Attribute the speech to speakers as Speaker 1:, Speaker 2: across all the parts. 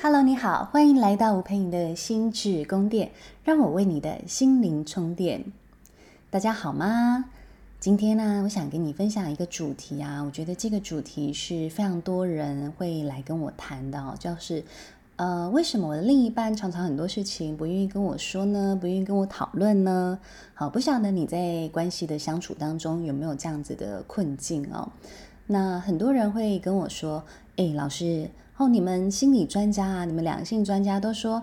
Speaker 1: Hello，你好，歡迎來到我陪你的心智宮殿，讓我為你的心靈充電。大家好嗎？今天呢，啊，我想跟你分享一個主題啊，我覺得這個主題是非常多人會來跟我談的哦，就是呃，為什麼我的另一半常常很多事情不願意跟我說呢？不願意跟我討論呢？好，不曉得你在關係的相處當中有沒有這樣子的困境哦？那很多人會跟我說，哎，老師。哦，然後你們心理專家啊，你們兩性專家都說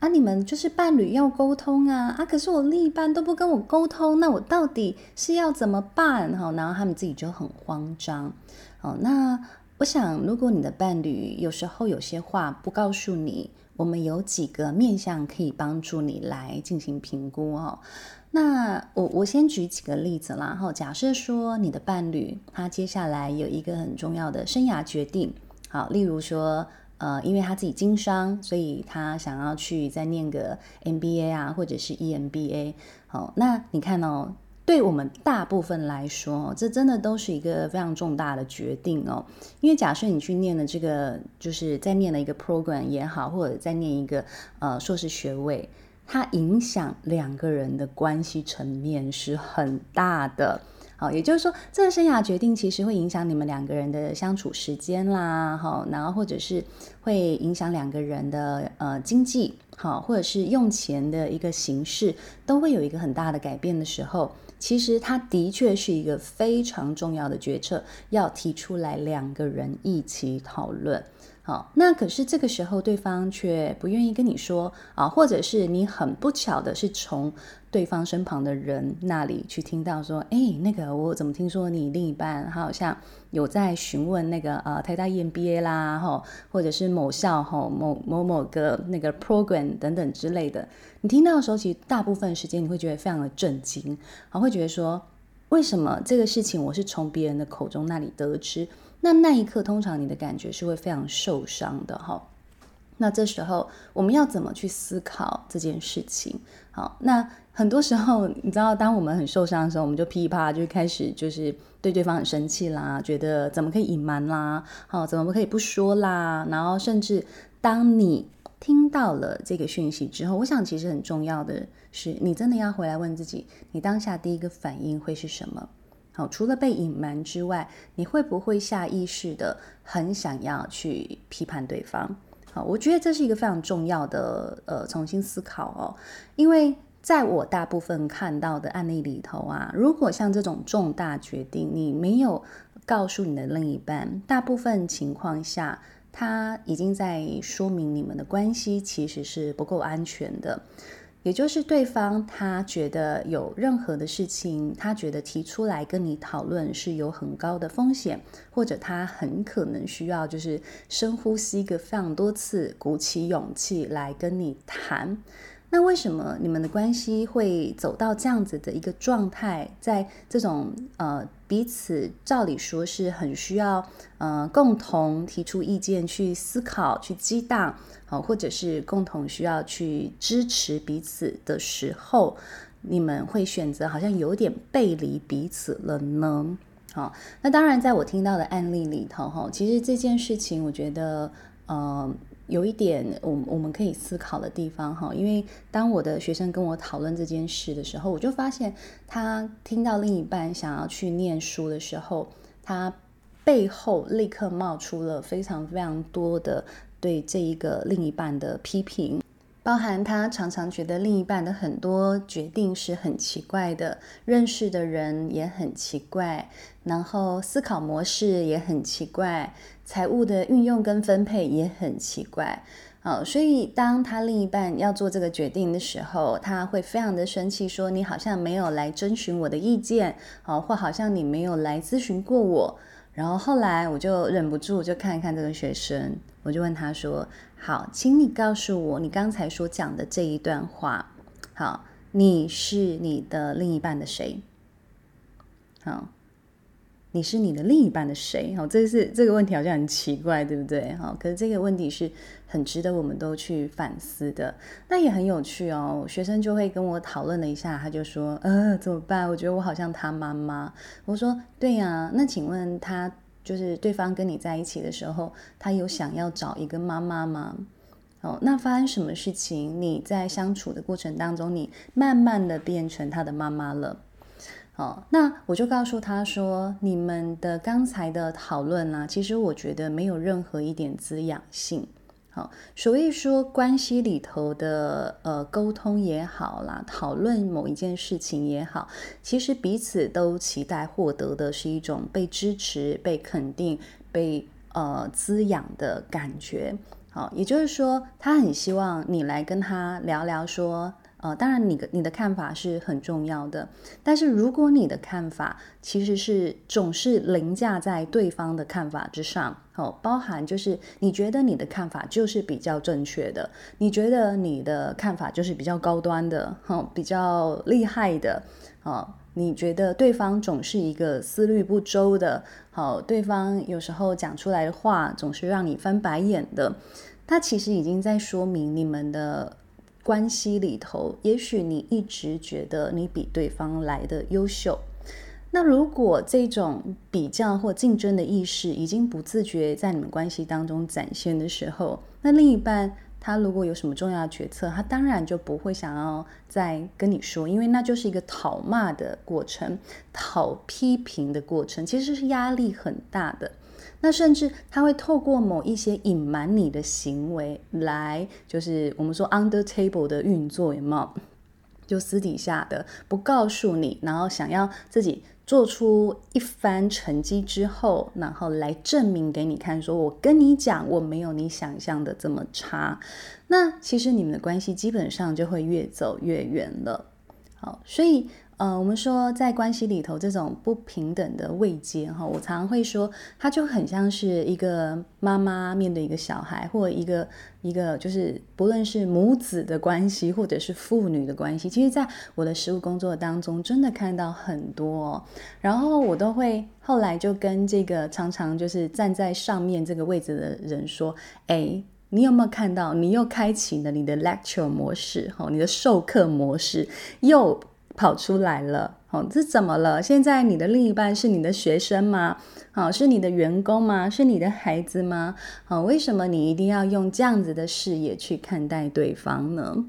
Speaker 1: 啊，你們就是伴侶要溝通啊啊。可是我另一半都不跟我溝通，那我到底是要怎麼辦？哈，然後他們自己就很慌張。哦，那我想，如果你的伴侶有時候有些話不告訴你，我們有幾個面向可以幫助你來進行評估哦。那我我先舉幾個例子啦。哈，假設說你的伴侶他接下來有一個很重要的生涯決定。好，例如說，呃，因為他自己經商，所以他想要去再念個 MBA 啊，或者是 EMBA 哦。好，那你看哦，對我們大部分來說，這真的都是一個非常重大的決定哦。因為假設你去念了這個，就是在念了一個 program 也好，或者在念一個呃碩士學位，它影響兩個人的關係層面是很大的。好，也就是說，這個生涯決定其實會影響你們兩個人的相處時間啦，好，然後或者是會影響兩個人的呃經濟，好，或者是用錢的一個形式，都會有一個很大的改變的時候，其實它的確是一個非常重要的決策，要提出來兩個人一起討論。哦、那可是這個時候，對方卻不願意跟你說啊、哦，或者是你很不巧的是從對方身旁的人那裡去聽到說，哎，那個我怎麼聽說你另一半好像有在詢問那個呃，台大 EMBA 啦、哦，或者是某校、哦、某某某個那個 program 等等之類的。你聽到的時候，其實大部分時間你會覺得非常的震驚，好、哦，會覺得說，為什麼這個事情我是從別人的口中那裡得知？那那一刻，通常你的感覺是會非常受傷的哈、哦。那這時候，我們要怎麼去思考這件事情？好，那很多時候，你知道，當我們很受傷的時候，我們就噼裡啪啦就開始，就是對對方很生氣啦，覺得怎麼可以隱瞞啦，好、哦，怎麼可以不說啦？然後，甚至當你聽到了這個訊息之後，我想其實很重要的是，你真的要回來問自己，你當下第一個反應會是什麼？好，除了被隱瞞之外，你會不會下意識地很想要去批判對方？好，我覺得這是一個非常重要的呃重新思考哦，因為在我大部分看到的案例裡頭啊，如果像這種重大決定，你沒有告訴你的另一半，大部分情況下，他已經在說明你們的關係其實是不夠安全的。也就是對方他覺得有任何的事情，他覺得提出來跟你討論是有很高的風險，或者他很可能需要就是深呼吸個非常多次，鼓起勇氣來跟你談。那為什麼你們的關係會走到這樣子的一個狀態？在這種呃彼此照理說是很需要呃，共同提出意見去思考去激盪、哦、或者是共同需要去支持彼此的時候，你們會選擇好像有點背離彼此了呢？好、哦，那當然，在我聽到的案例裡頭，其實這件事情，我覺得嗯。呃有一點，我我們可以思考的地方哈，因為當我的學生跟我討論這件事的時候，我就發現他聽到另一半想要去念書的時候，他背後立刻冒出了非常非常多的對這一個另一半的批評，包含他常常覺得另一半的很多決定是很奇怪的，認識的人也很奇怪，然後思考模式也很奇怪。財務的運用跟分配也很奇怪，哦，所以當他另一半要做這個決定的時候，他會非常的生氣，說你好像沒有來徵詢我的意見，哦，或好像你沒有來諮詢過我。然後後來我就忍不住就看一看這個學生，我就問他說：“好，請你告訴我，你剛才所講的這一段話，好，你是你的另一半的誰？”好。你是你的另一半的誰？哦，這是這個問題好像很奇怪，對不對？哈，哦，可是這個問題是很值得我們都去反思的。那也很有趣哦。學生就會跟我討論了一下，他就說：“呃，怎麼辦？我覺得我好像他媽媽。”我說：“對呀，啊，那請問他就是對方跟你在一起的時候，他有想要找一個媽媽嗎？”哦，那發生什麼事情？你在相處的過程當中，你慢慢的變成他的媽媽了。哦，那我就告訴他說，你們的剛才的討論啦、啊，其實我覺得沒有任何一點滋養性。好，所以說關係裡頭的呃溝通也好啦，討論某一件事情也好，其實彼此都期待獲得的是一種被支持、被肯定、被呃滋養的感覺。好，也就是說，他很希望你來跟他聊聊說。呃、哦，當然你，你你的看法是很重要的。但是，如果你的看法其實是總是凌駕在對方的看法之上，哦，包含就是你覺得你的看法就是比較正確的，你覺得你的看法就是比較高端的，哦，比較厲害的，哦，你覺得對方總是一個思慮不周的，哦，對方有時候講出來的話總是讓你翻白眼的，他其實已經在說明你們的。關係裡頭，也許你一直覺得你比對方來的優秀。那如果這種比較或競爭的意識已經不自覺在你們關係當中展現的時候，那另一半他如果有什麼重要的決策，他當然就不會想要再跟你說，因為那就是一個討罵的過程，討批評的過程，其實是壓力很大的。那甚至他會透過某一些隱瞞你的行為來，就是我們說 under table 的運作，有嗎？就私底下的不告訴你，然後想要自己做出一番成績之後，然後來證明給你看，說我跟你講我沒有你想象的這麼差。那其實你們的關係基本上就會越走越遠了。好，所以。呃，我們說在關係裡頭這種不平等的位階哈、哦，我常常會說，它就很像是一個媽媽面對一個小孩，或者一個一個就是不論是母子的關係，或者是父女的關係。其實，在我的實務工作當中，真的看到很多、哦，然後我都會後來就跟這個常常就是站在上面這個位置的人說：“哎，你有沒有看到？你又開啟了你的 lecture 模式哈、哦，你的授課模式又。”跑出來了，哦，這怎麼了？現在你的另一半是你的學生嗎？哦，是你的員工嗎？是你的孩子嗎？哦，為什麼你一定要用這樣子的視野去看待對方呢？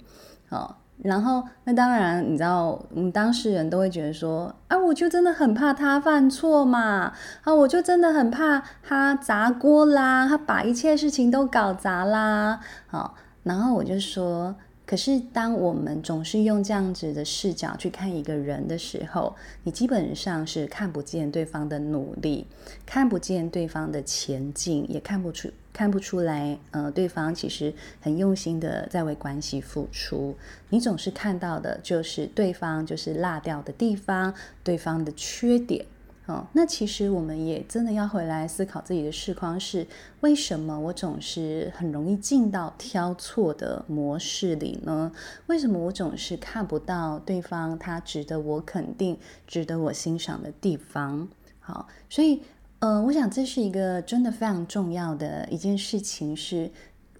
Speaker 1: 哦，然後那當然，你知道，我們當事人都會覺得說，啊，我就真的很怕他犯錯嘛，啊，我就真的很怕他砸鍋啦，他把一切事情都搞砸啦，哦，然後我就說。可是，當我們總是用這樣子的視角去看一個人的時候，你基本上是看不見對方的努力，看不見對方的前進，也看不出看不出來，呃，對方其實很用心的在為關係付出。你總是看到的就是對方就是落掉的地方，對方的缺點。哦，那其實我們也真的要回來思考自己的視框是為什麼，我總是很容易進到挑錯的模式裡呢？為什麼我總是看不到對方他值得我肯定、值得我欣賞的地方？好，所以，呃，我想這是一個真的非常重要的一件事情是，是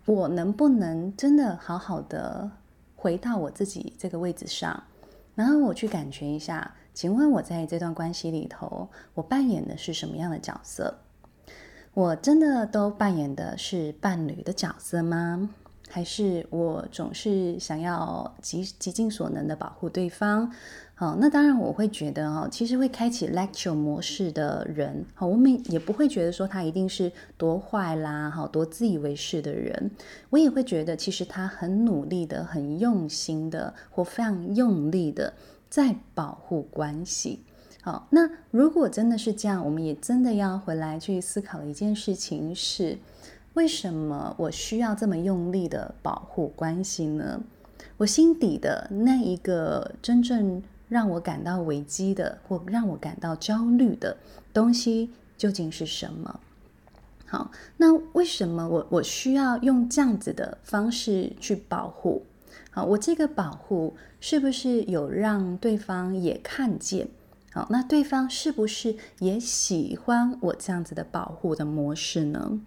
Speaker 1: 我能不能真的好好的回到我自己這個位置上，然後我去感覺一下。請問我在這段關係裡頭，我扮演的是什麼樣的角色？我真的都扮演的是伴侶的角色嗎？還是我總是想要極極尽所能的保護對方？好，那當然我會覺得，哈，其實會開啟 lecture 模式的人，好，我們也不會覺得說他一定是多壞啦，好多自以為是的人。我也會覺得，其實他很努力的，很用心的，或非常用力的。在保護關係，好，那如果真的是這樣，我們也真的要回來去思考一件事情是，為什麼我需要這麼用力的保護關係呢？我心底的那一個真正讓我感到危機的，或讓我感到焦慮的東西究竟是什麼？好，那為什麼我我需要用這樣子的方式去保護？好，我這個保護是不是有讓對方也看見？好，那對方是不是也喜歡我這樣子的保護的模式呢？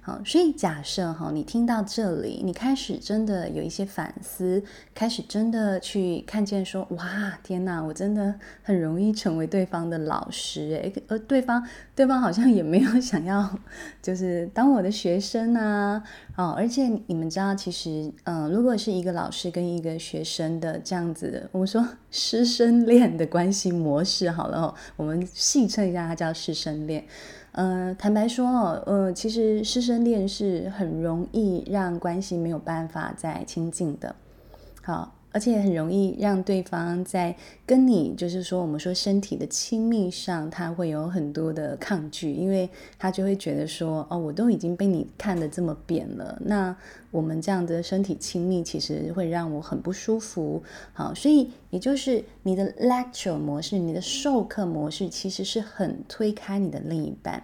Speaker 1: 好，所以假設哈、哦，你聽到這裡，你開始真的有一些反思，開始真的去看見說，哇，天吶，我真的很容易成為對方的老師，誒，而對方，對方好像也沒有想要，就是當我的學生吶、啊，哦，而且你們知道，其實，嗯、呃，如果是一個老師跟一個學生的這樣子，我們說師生戀的關係模式，好了、哦，我們戲稱一下它叫師生戀。嗯、呃，坦白說，呃，其實師生戀是很容易讓關係沒有辦法再親近的。好。而且很容易讓對方在跟你，就是說我們說身體的親密上，他會有很多的抗拒，因為他就會覺得說，哦，我都已經被你看得這麼扁了，那我們這樣的身體親密其實會讓我很不舒服。好，所以也就是你的 lecture 模式，你的授課模式，其實是很推開你的另一半。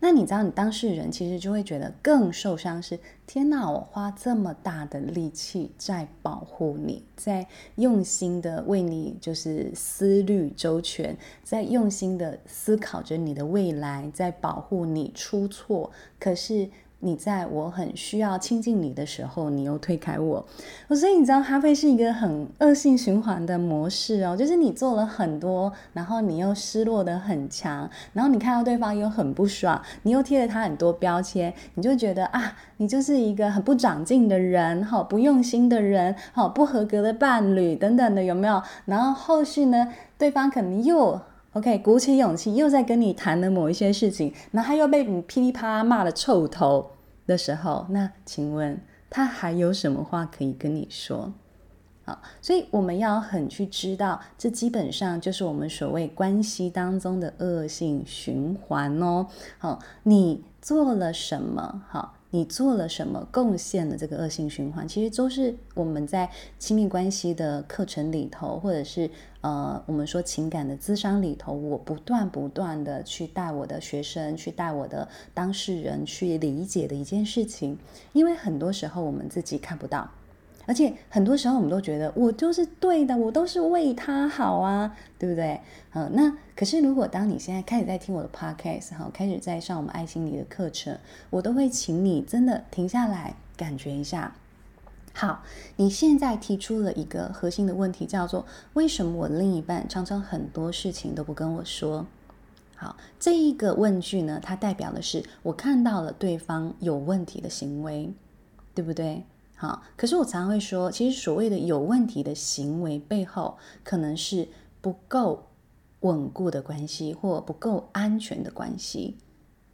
Speaker 1: 那你知道，你當事人其實就會覺得更受傷是，是天哪！我花這麼大的力氣在保護你，在用心的為你就是思慮周全，在用心的思考着你的未來，在保護你出錯，可是。你在我很需要親近你的時候，你又推開我。所以你知道，哈菲是一個很惡性循環的模式哦，就是你做了很多，然後你又失落得很強，然後你看到對方又很不爽，你又貼了他很多標籤，你就覺得啊，你就是一個很不長進的人，好，不用心的人，好，不合格的伴侶等等的，有沒有？然後後續呢，對方可能又 OK 鼓起勇氣，又在跟你談了某一些事情，然後他又被你噼里啪啦罵了臭頭。的時候，那請問他還有什麼話可以跟你說？好，所以我們要很去知道，這基本上就是我們所謂關係當中的惡性循環哦。好，你做了什麼？好。你做了什麼貢獻的這個惡性循環，其實都是我們在親密關係的課程裡頭，或者是呃，我們說情感的諮商裡頭，我不斷不斷的去帶我的學生，去帶我的當事人去理解的一件事情，因為很多時候我們自己看不到。而且很多時候我們都覺得我就是對的，我都是為他好啊，對不對？嗯，那可是如果當你現在開始在聽我的 podcast 好，開始在上我們愛心理的課程，我都會請你真的停下來感覺一下。好，你現在提出了一個核心的問題，叫做為什麼我另一半常常很多事情都不跟我說？好，這一個問句呢，它代表的是我看到了對方有問題的行為，對不對？好，可是我常常會說，其實所謂的有問題的行為背後，可能是不夠穩固的關係，或不夠安全的關係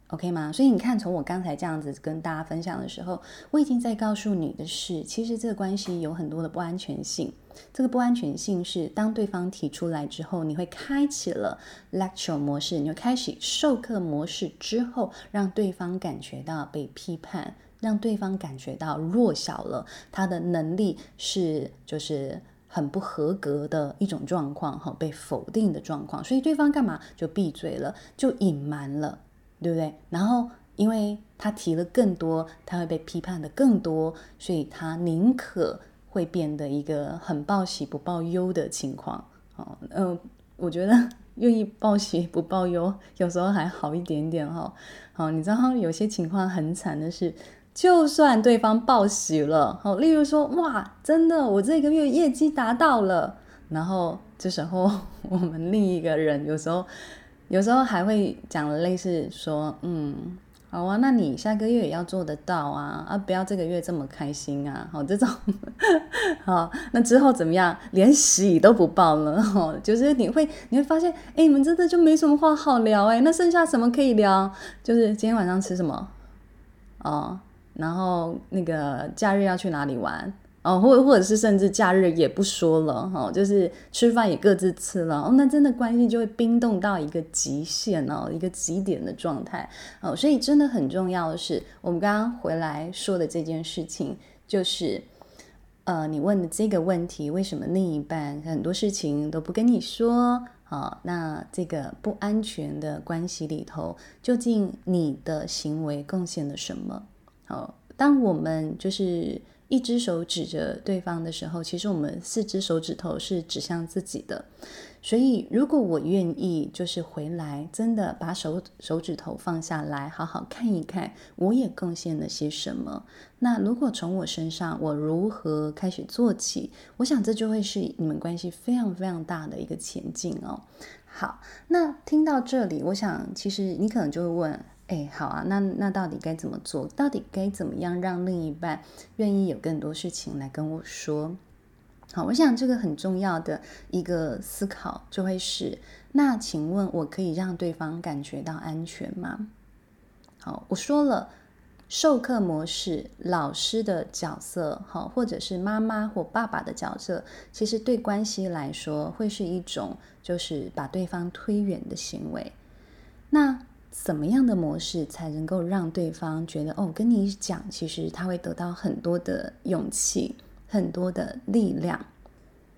Speaker 1: ，OK 嗎？所以你看，從我剛才這樣子跟大家分享的時候，我已經在告訴你的是，其實這個關係有很多的不安全性。這個不安全性是當對方提出來之後，你會開啟了 lecture 模式，你會開始授課模式之後，讓對方感覺到被批判。讓對方感覺到弱小了，他的能力是就是很不合格的一種狀況，哈、哦，被否定的狀況。所以對方幹嘛就閉嘴了，就隱瞞了，對不對？然後因為他提了更多，他會被批判的更多，所以他寧可會變得一個很報喜不報憂的情況。哦，嗯、呃，我覺得願意報喜不報憂，有時候還好一點點，哈、哦。好、哦，你知道有些情況很慘的是。就算對方報喜了，哦，例如說哇，真的，我這個月業績達到了。然後這時候我們另一個人有時候，有時候還會講類似說，嗯，好啊，那你下個月也要做得到啊，啊，不要這個月這麼開心啊，好這種， 好，那之後怎麼樣？連喜都不報了，吼，就是你會你會發現，欸，你們真的就沒什麼話好聊欸，那剩下什麼可以聊？就是今天晚上吃什麼？哦。然後那個假日要去哪裡玩哦，或或者是甚至假日也不說了哈、哦，就是吃飯也各自吃了哦，那真的關係就會冰凍到一個極限哦，一個極點的狀態哦，所以真的很重要的是，我們剛剛回來說的這件事情，就是呃，你問的這個問題，為什麼另一半很多事情都不跟你說啊、哦？那這個不安全的關係裡頭，究竟你的行為貢獻了什麼？哦，當我們就是一只手指着對方的時候，其實我們四只手指頭是指向自己的。所以，如果我願意就是回來，真的把手手指頭放下來，好好看一看，我也貢獻了些什麼。那如果從我身上，我如何開始做起？我想這就會是你們關係非常非常大的一個前進哦。好，那聽到這裡，我想其實你可能就會問。哎，好啊，那那到底該怎麼做？到底該怎麼樣讓另一半願意有更多事情來跟我說？好，我想這個很重要的一個思考就會是：那，請問我可以讓對方感覺到安全嗎？好，我說了，授課模式、老師的角色，好，或者是媽媽或爸爸的角色，其實對關係來說會是一種就是把對方推遠的行為。那。怎麼樣的模式才能夠讓對方覺得哦，跟你講，其實他會得到很多的勇氣，很多的力量。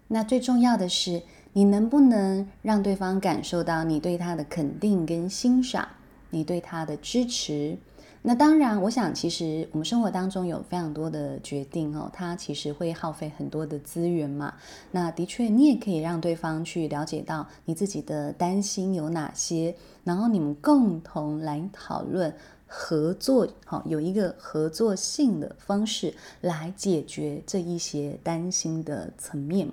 Speaker 1: 那最重要的是，你能不能讓對方感受到你對他的肯定跟欣賞，你對他的支持？那當然，我想其實我們生活當中有非常多的決定哦，它其實會耗費很多的資源嘛。那的確，你也可以讓對方去了解到你自己的擔心有哪些，然後你們共同來討論合作，好，哦，有一個合作性的方式來解決這一些擔心的層面。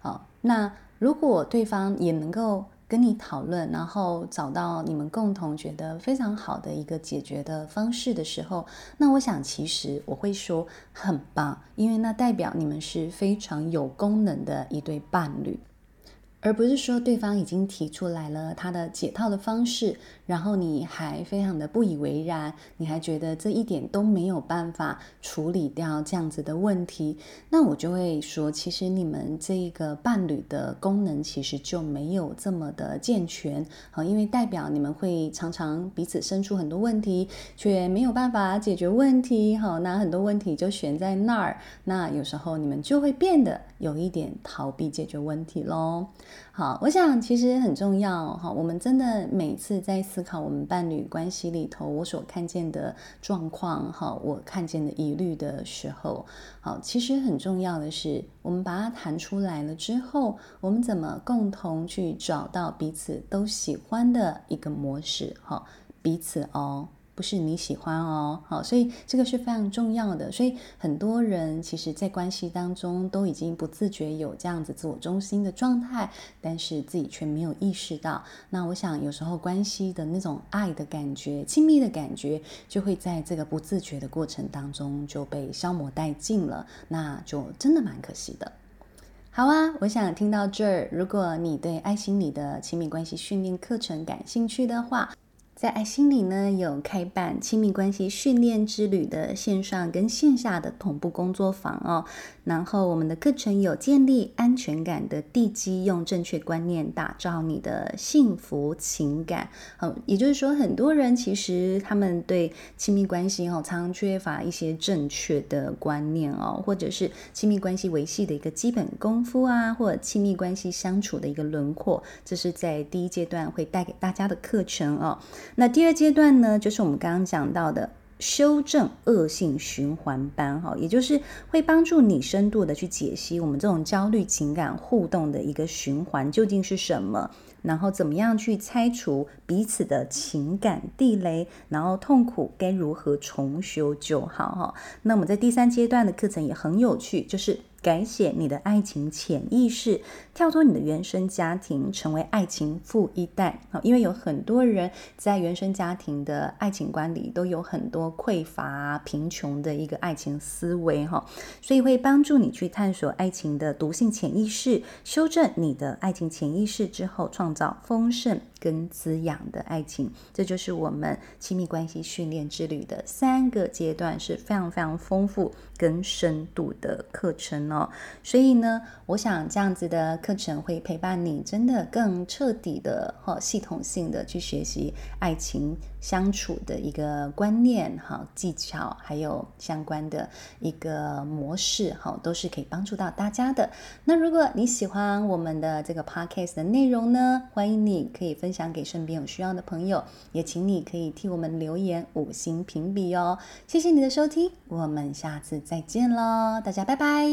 Speaker 1: 好，哦，那如果對方也能夠。跟你討論，然後找到你們共同覺得非常好的一個解決的方式的時候，那我想其實我會說很棒，因為那代表你們是非常有功能的一對伴侶，而不是說對方已經提出來了他的解套的方式。然後你還非常的不以為然，你還覺得這一點都沒有辦法處理掉這樣子的問題，那我就會說，其實你們這個伴侶的功能其實就沒有這麼的健全，好，因為代表你們會常常彼此生出很多問題，卻沒有辦法解決問題，好，那很多問題就懸在那兒，那有時候你們就會變得有一點逃避解決問題咯。好，我想其實很重要哈，我們真的每次在思。思考我們伴侶關係裡頭，我所看見的狀況哈，我看見的疑慮的時候，好，其實很重要的是，我們把它談出來了之後，我們怎麼共同去找到彼此都喜歡的一個模式哈，彼此哦。不是你喜歡哦，好，所以這個是非常重要的。所以很多人其實，在關係當中都已經不自覺有這樣子自我中心的狀態，但是自己卻沒有意識到。那我想，有時候關係的那種愛的感覺、親密的感覺，就會在這個不自覺的過程當中就被消磨殆盡了，那就真的蠻可惜的。好啊，我想聽到這兒，如果你對愛心理的親密關係訓練課程感興趣的話。在愛心理呢，有開辦親密關係訓練之旅的線上跟線下的同步工作坊哦。然後我們的課程有建立安全感的地基，用正確觀念打造你的幸福情感。好，哦，也就是說，很多人其實他們對親密關係哦，常常缺乏一些正確的觀念哦，或者是親密關係維繫的一個基本功夫啊，或者親密關係相處的一個輪廓。這是在第一階段會帶給大家的課程哦。那第二階段呢，就是我們剛剛講到的修正惡性循環班，哈，也就是會幫助你深度的去解析我們這種焦慮情感互動的一個循環究竟是什麼，然後怎麼樣去拆除彼此的情感地雷，然後痛苦該如何重修舊好，哈。那我們在第三階段的課程也很有趣，就是改寫你的愛情潛意識。跳脫你的原生家庭，成為愛情富一代啊！因為有很多人在原生家庭的愛情觀裡都有很多匱乏、貧窮的一個愛情思維哈，所以會幫助你去探索愛情的毒性潛意識，修正你的愛情潛意識之後，創造豐盛跟滋養的愛情。這就是我們親密關係訓練之旅的三個階段，是非常非常豐富跟深度的課程哦。所以呢，我想這樣子的課程會陪伴你，真的更徹底的或、哦、系統性的去學習愛情相處的一個觀念、哈、哦、技巧，還有相關的一個模式，哈、哦，都是可以幫助到大家的。那如果你喜歡我們的這個 podcast 的內容呢，歡迎你可以分享給身邊有需要的朋友，也請你可以替我們留言五星評比哦。謝謝你的收聽，我們下次再見嘍，大家拜拜。